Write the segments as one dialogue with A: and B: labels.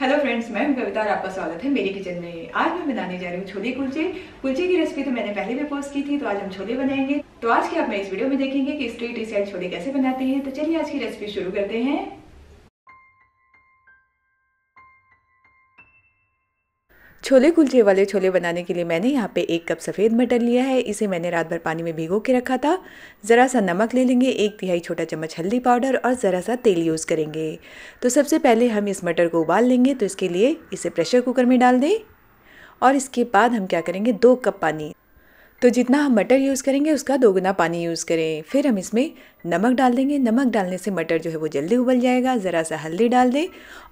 A: hello friends मैं हूं कविता और आपका स्वागत है मेरी किचन में आज मैं बनाने जा रही हूँ छोले कुलचे कुलचे की रेसिपी तो मैंने पहले भी पोस्ट की थी तो आज हम छोले बनाएंगे तो आज की आप मेरे इस वीडियो में देखेंगे कि स्ट्रीट स्टाइल छोले कैसे बनाते हैं तो चलिए आज की रेसिपी शुरू करते हैं छोले कुलचे वाले छोले बनाने के लिए मैंने यहाँ पे एक कप सफ़ेद मटर लिया है इसे मैंने रात भर पानी में भिगो के रखा था ज़रा सा नमक ले लेंगे एक तिहाई छोटा चम्मच हल्दी पाउडर और ज़रा सा तेल यूज़ करेंगे तो सबसे पहले हम इस मटर को उबाल लेंगे तो इसके लिए इसे प्रेशर कुकर में डाल दें और इसके बाद हम क्या करेंगे दो कप पानी तो जितना हम मटर यूज़ करेंगे उसका दोगुना पानी यूज़ करें फिर हम इसमें नमक डाल देंगे नमक डालने से मटर जो है वो जल्दी उबल जाएगा ज़रा सा हल्दी डाल दें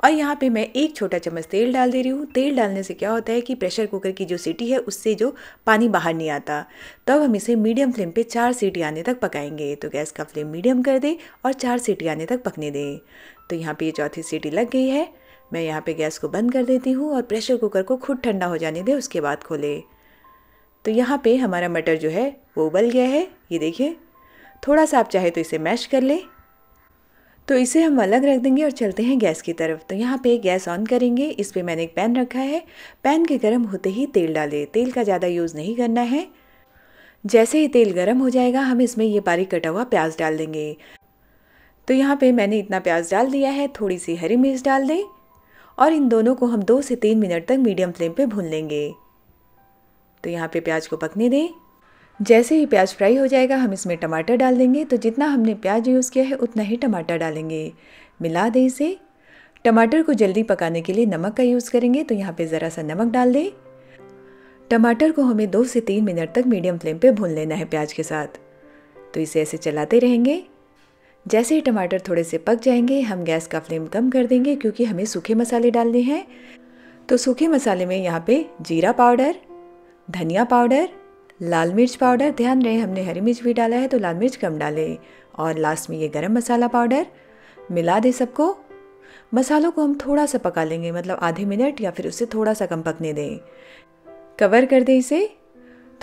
A: और यहाँ पे मैं एक छोटा चम्मच तेल डाल दे रही हूँ तेल डालने से क्या होता है कि प्रेशर कुकर की जो सीटी है उससे जो पानी बाहर नहीं आता तब तो हम इसे मीडियम फ्लेम पर चार सीटी आने तक पकाएंगे तो गैस का फ्लेम मीडियम कर दें और चार सीटी आने तक पकने दें तो यहाँ पर ये चौथी सीटी लग गई है मैं यहाँ पर गैस को बंद कर देती हूँ और प्रेशर कुकर को खुद ठंडा हो जाने दें उसके बाद खोलें तो यहाँ पे हमारा मटर जो है वो उबल गया है ये देखिए थोड़ा सा आप चाहे तो इसे मैश कर लें तो इसे हम अलग रख देंगे और चलते हैं गैस की तरफ तो यहाँ पे गैस ऑन करेंगे इस पर मैंने एक पैन रखा है पैन के गर्म होते ही तेल डालें तेल का ज़्यादा यूज़ नहीं करना है जैसे ही तेल गर्म हो जाएगा हम इसमें ये बारीक कटा हुआ प्याज डाल देंगे तो यहाँ पे मैंने इतना प्याज डाल दिया है थोड़ी सी हरी मिर्च डाल दें और इन दोनों को हम दो से तीन मिनट तक मीडियम फ्लेम पे भून लेंगे तो यहाँ पे प्याज को पकने दें जैसे ही प्याज फ्राई हो जाएगा हम इसमें टमाटर डाल देंगे तो जितना हमने प्याज यूज़ किया है उतना ही टमाटर डालेंगे मिला दें इसे टमाटर को जल्दी पकाने के लिए नमक का यूज़ करेंगे तो यहाँ पे ज़रा सा नमक डाल दें टमाटर को हमें दो से तीन मिनट तक मीडियम फ्लेम पे भून लेना है प्याज के साथ तो इसे ऐसे चलाते रहेंगे जैसे ही टमाटर थोड़े से पक जाएंगे हम गैस का फ्लेम कम कर देंगे क्योंकि हमें सूखे मसाले डालने हैं तो सूखे मसाले में यहाँ पे जीरा पाउडर धनिया पाउडर लाल मिर्च पाउडर ध्यान रहे हमने हरी मिर्च भी डाला है तो लाल मिर्च कम डालें और लास्ट में ये गरम मसाला पाउडर मिला दें सबको मसालों को हम थोड़ा सा पका लेंगे मतलब आधे मिनट या फिर उससे थोड़ा सा कम पकने दें कवर कर दें इसे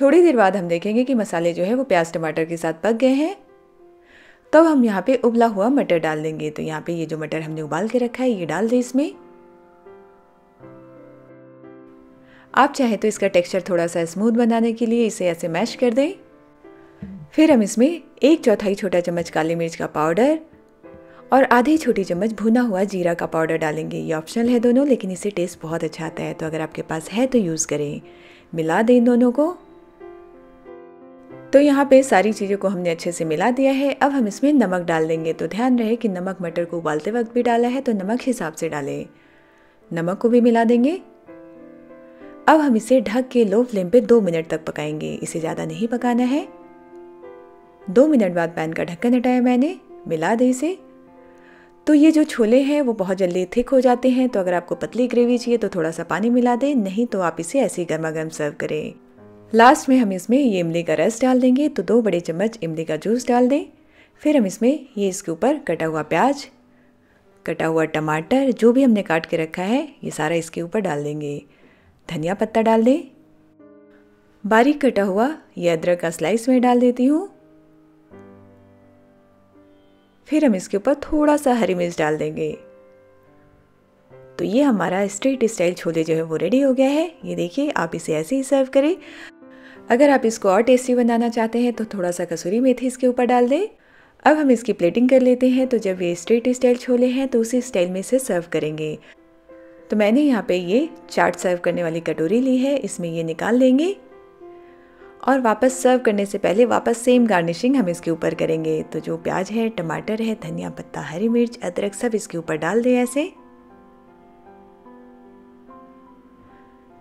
A: थोड़ी देर बाद हम देखेंगे कि मसाले जो है वो प्याज टमाटर के साथ पक गए हैं तब तो हम यहाँ पे उबला हुआ मटर डाल देंगे तो यहाँ पे ये जो मटर हमने उबाल के रखा है ये डाल दें इसमें आप चाहें तो इसका टेक्सचर थोड़ा सा स्मूथ बनाने के लिए इसे ऐसे मैश कर दें फिर हम इसमें एक चौथाई छोटा चम्मच काली मिर्च का पाउडर और आधी छोटी चम्मच भुना हुआ जीरा का पाउडर डालेंगे ये ऑप्शनल है दोनों लेकिन इससे टेस्ट बहुत अच्छा आता है तो अगर आपके पास है तो यूज़ करें मिला दें दोनों को तो यहाँ पे सारी चीज़ों को हमने अच्छे से मिला दिया है अब हम इसमें नमक डाल देंगे तो ध्यान रहे कि नमक मटर को उबालते वक्त भी डाला है तो नमक हिसाब से डालें नमक को भी मिला देंगे अब हम इसे ढक के लो फ्लेम पे दो मिनट तक पकाएंगे इसे ज़्यादा नहीं पकाना है दो मिनट बाद पैन का ढक्कन हटाया मैंने मिला दी इसे तो ये जो छोले हैं वो बहुत जल्दी थिक हो जाते हैं तो अगर आपको पतली ग्रेवी चाहिए तो थोड़ा सा पानी मिला दें नहीं तो आप इसे ऐसे ही गर्मा गर्म सर्व करें लास्ट में हम इसमें ये इमली का रस डाल देंगे तो दो बड़े चम्मच इमली का जूस डाल दें फिर हम इसमें ये इसके ऊपर कटा हुआ प्याज कटा हुआ टमाटर जो भी हमने काट के रखा है ये सारा इसके ऊपर डाल देंगे धनिया पत्ता डाल दें बारीक कटा हुआ यह अदरक का स्लाइस में डाल देती हूँ फिर हम इसके ऊपर थोड़ा सा हरी मिर्च डाल देंगे तो ये हमारा स्ट्रीट स्टाइल छोले जो है वो रेडी हो गया है ये देखिए आप इसे ऐसे ही सर्व करें अगर आप इसको और टेस्टी बनाना चाहते हैं तो थोड़ा सा कसूरी मेथी इसके ऊपर डाल दें अब हम इसकी प्लेटिंग कर लेते हैं तो जब ये स्ट्रीट स्टाइल छोले हैं तो उसी स्टाइल में इसे सर्व करेंगे तो मैंने यहाँ पे ये चाट सर्व करने वाली कटोरी ली है इसमें ये निकाल लेंगे और वापस सर्व करने से पहले वापस सेम गार्निशिंग हम इसके ऊपर करेंगे तो जो प्याज है टमाटर है धनिया पत्ता हरी मिर्च अदरक सब इसके ऊपर डाल दें ऐसे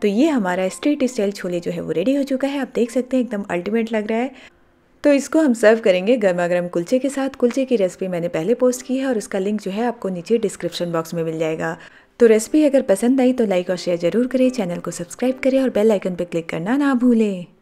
A: तो ये हमारा स्ट्रीट स्टाइल छोले जो है वो रेडी हो चुका है आप देख सकते हैं एकदम अल्टीमेट लग रहा है तो इसको हम सर्व करेंगे गर्मा गर्म कुल्चे के साथ कुल्चे की रेसिपी मैंने पहले पोस्ट की है और उसका लिंक जो है आपको नीचे डिस्क्रिप्शन बॉक्स में मिल जाएगा तो रेसिपी अगर पसंद आई तो लाइक और शेयर जरूर करें चैनल को सब्सक्राइब करें और बेल आइकन पर क्लिक करना ना भूलें